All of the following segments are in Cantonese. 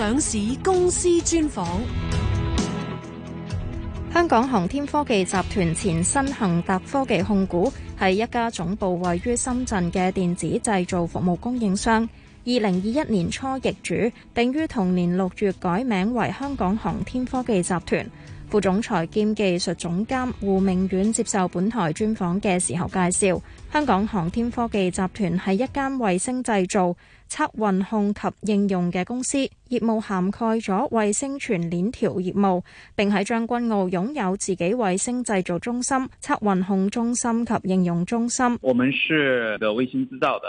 上市公司專訪：香港航天科技集團前新恒達科技控股係一家總部位於深圳嘅電子製造服務供應商。二零二一年初易主，並於同年六月改名為香港航天科技集團。副總裁兼技術總監胡明遠接受本台專訪嘅時候介紹，香港航天科技集團係一間衛星製造、測運控及應用嘅公司，業務涵蓋咗衛星全鏈條業務，並喺將軍澳擁有自己衛星製造中心、測運控中心及應用中心。我們是個衛星製造的。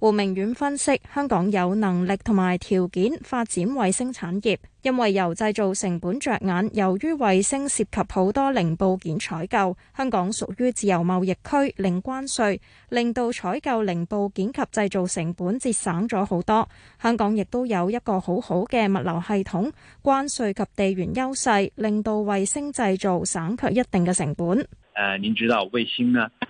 胡明遠分析，香港有能力同埋條件發展衛星產業，因為由製造成本着眼，由於衛星涉及好多零部件採購，香港屬於自由貿易區，零關稅，令到採購零部件及製造成本節省咗好多。香港亦都有一個好好嘅物流系統、關稅及地緣優勢，令到衛星製造省卻一定嘅成本。誒，您知道衛星呢？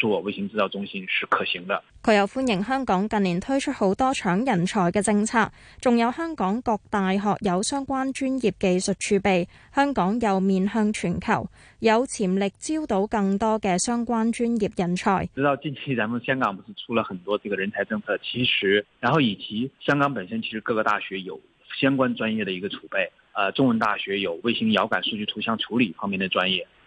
做衛星製造中心是可行的。佢又歡迎香港近年推出好多搶人才嘅政策，仲有香港各大學有相關專業技術儲備，香港又面向全球，有潛力招到更多嘅相關專業人才。知道近期，咱們香港不是出了很多這個人才政策，其實然後以及香港本身其實各個大學有相關專業的一個儲備。呃，中文大學有衛星遙感數據圖像處理方面的專業。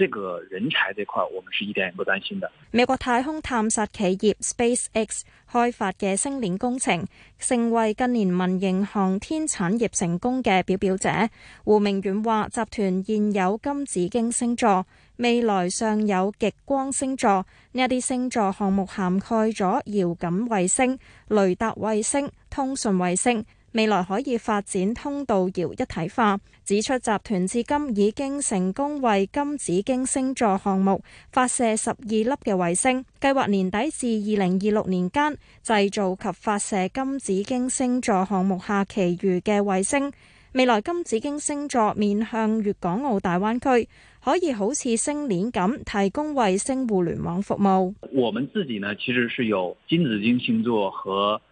這個人才這塊，我們是一點也不擔心的。美國太空探索企業 SpaceX 開發嘅星鏈工程，成為近年民營航天產業成功嘅表表者。胡明遠話，集團現有金紫荊星座，未來尚有極光星座，呢一啲星座項目涵蓋咗遙感衛星、雷達衛星、通訊衛星。未來可以發展通道遙一體化，指出集團至今已經成功為金紫荊星座項目發射十二粒嘅衛星，計劃年底至二零二六年間製造及發射金紫荊星座項目下其餘嘅衛星。未來金紫荊星座面向粵港澳大灣區，可以好似星鏈咁提供衛星互聯網服務。我們自己呢，其實是有金紫荊星座和。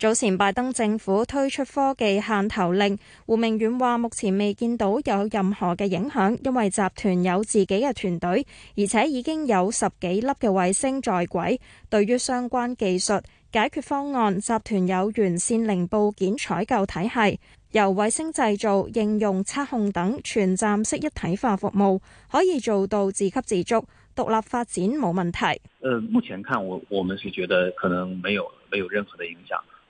早前拜登政府推出科技限投令，胡明遠話目前未見到有任何嘅影響，因為集團有自己嘅團隊，而且已經有十幾粒嘅衛星在軌。對於相關技術解決方案，集團有完善零部件採購體系，由衛星製造、應用測控等全站式一體化服務，可以做到自給自足，獨立發展冇問題。誒，目前看我我們是覺得可能沒有沒有任何的影響。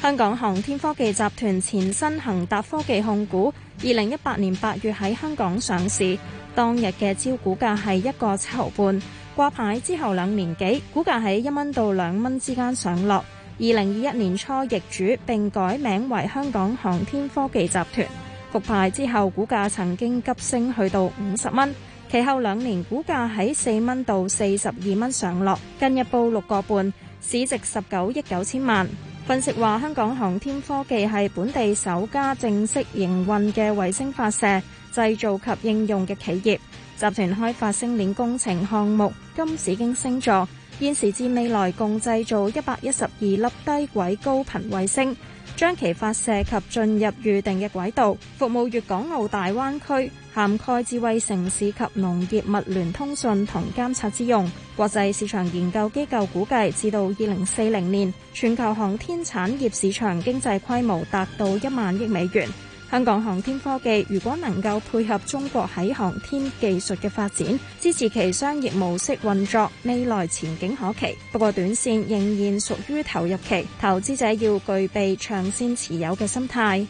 香港航天科技集團前身恒達科技控股，二零一八年八月喺香港上市，當日嘅招股價係一個七毫半。掛牌之後兩年幾，股價喺一蚊到兩蚊之間上落。二零二一年初易主並改名為香港航天科技集團。復牌之後，股價曾經急升去到五十蚊，其後兩年股價喺四蚊到四十二蚊上落。近日報六個半，市值十九億九千萬。分析話，香港航天科技係本地首家正式營運嘅衛星發射製造及應用嘅企業集團，開發星鏈工程項目金紫荊星座，現時至未來共製造一百一十二粒低軌高頻衛星。將其發射及進入預定嘅軌道，服務粵港澳大灣區、涵蓋智慧城市及農業物聯通訊同監測之用。國際市場研究機構估計，至到二零四零年，全球航天產業市場經濟規模達到一萬億美元。香港航天科技如果能夠配合中國喺航天技術嘅發展，支持其商業模式運作，未來前景可期。不過短線仍然屬於投入期，投資者要具備長線持有嘅心態。